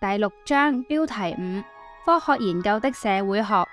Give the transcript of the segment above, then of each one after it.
第六章標題五：科學研究的社會學。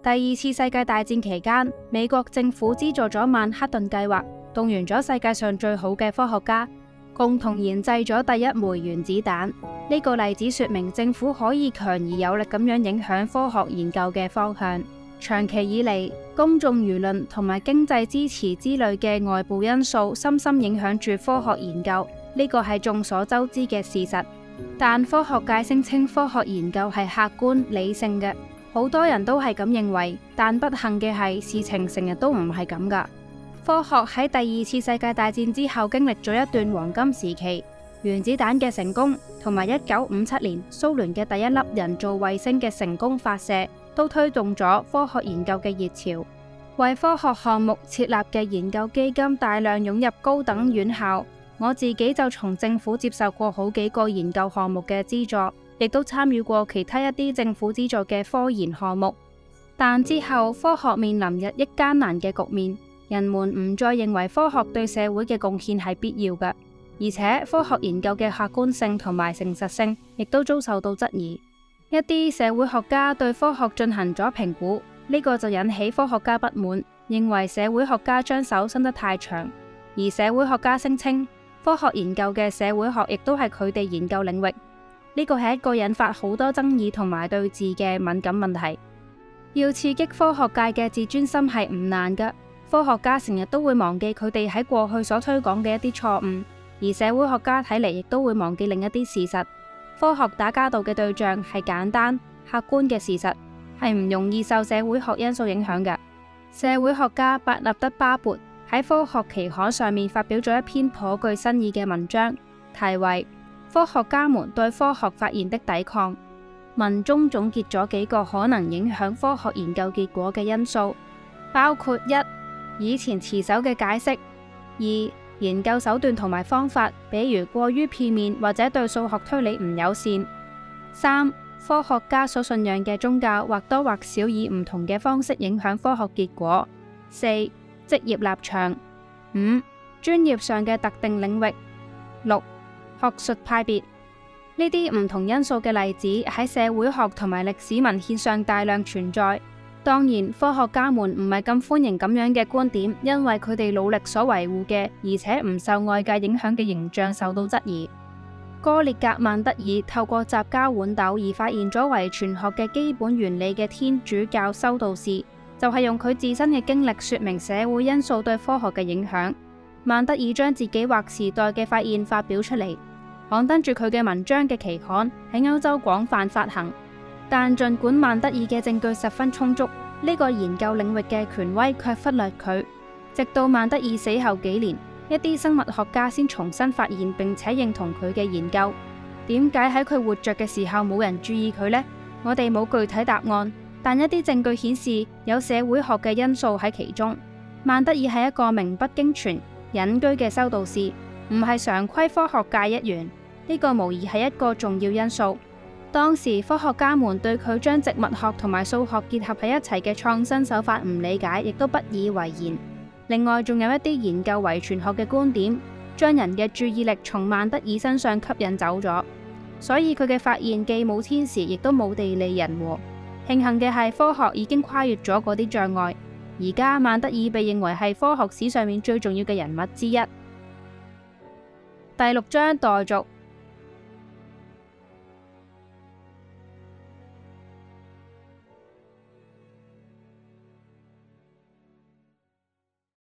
第二次世界大戰期間，美國政府資助咗曼克頓計劃，動員咗世界上最好嘅科學家，共同研製咗第一枚原子彈。呢、這個例子說明政府可以強而有力咁樣影響科學研究嘅方向。長期以嚟，公眾輿論同埋經濟支持之類嘅外部因素深深影響住科學研究，呢個係眾所周知嘅事實。但科學界聲稱科學研究係客觀理性嘅，好多人都係咁認為。但不幸嘅係，事情成日都唔係咁㗎。科學喺第二次世界大戰之後經歷咗一段黃金時期，原子彈嘅成功同埋一九五七年蘇聯嘅第一粒人造衛星嘅成功發射。都推動咗科學研究嘅熱潮，為科學項目設立嘅研究基金大量湧入高等院校。我自己就從政府接受過好幾個研究項目嘅資助，亦都參與過其他一啲政府資助嘅科研項目。但之後科學面臨日益艱難嘅局面，人們唔再認為科學對社會嘅貢獻係必要嘅，而且科學研究嘅客觀性同埋誠實性亦都遭受到質疑。一啲社會學家對科學進行咗評估，呢個就引起科學家不滿，認為社會學家將手伸得太長。而社會學家聲稱，科學研究嘅社會學亦都係佢哋研究領域。呢個係一個引發好多爭議同埋對峙嘅敏感問題。要刺激科學界嘅自尊心係唔難噶，科學家成日都會忘記佢哋喺過去所推廣嘅一啲錯誤，而社會學家睇嚟亦都會忘記另一啲事實。科學打交道嘅對象係簡單，客觀嘅事實，係唔容易受社會學因素影響嘅。社會學家伯納德巴勃喺《科學期刊》上面發表咗一篇頗具新意嘅文章，題為《科學家們對科學發現的抵抗》。文中總結咗幾個可能影響科學研究結果嘅因素，包括一、以前持守嘅解釋；二、研究手段同埋方法，比如過於片面或者對數學推理唔友善；三、科學家所信仰嘅宗教或多或少以唔同嘅方式影響科學結果；四、職業立場；五、專業上嘅特定領域；六、學術派別。呢啲唔同因素嘅例子喺社會學同埋歷史文獻上大量存在。當然，科學家們唔係咁歡迎咁樣嘅觀點，因為佢哋努力所維護嘅，而且唔受外界影響嘅形象受到質疑。哥列格曼德爾透過雜交豌豆而發現咗遺傳學嘅基本原理嘅天主教修道士，就係用佢自身嘅經歷說明社會因素對科學嘅影響。曼德爾將自己劃時代嘅發現發表出嚟，刊登住佢嘅文章嘅期刊喺歐洲廣泛發行。但盡管孟德爾嘅證據十分充足，呢、這個研究領域嘅權威卻忽略佢。直到孟德爾死後幾年，一啲生物學家先重新發現並且認同佢嘅研究。點解喺佢活着嘅時候冇人注意佢呢？我哋冇具體答案，但一啲證據顯示有社會學嘅因素喺其中。孟德爾係一個名不經傳、隱居嘅修道士，唔係常規科學界一員，呢、這個無疑係一個重要因素。當時科學家們對佢將植物學同埋數學結合喺一齊嘅創新手法唔理解，亦都不以為然。另外，仲有一啲研究遺傳學嘅觀點，將人嘅注意力從曼德爾身上吸引走咗。所以佢嘅發現既冇天時，亦都冇地利人和。慶幸嘅係，科學已經跨越咗嗰啲障礙。而家曼德爾被認為係科學史上面最重要嘅人物之一。第六章待續。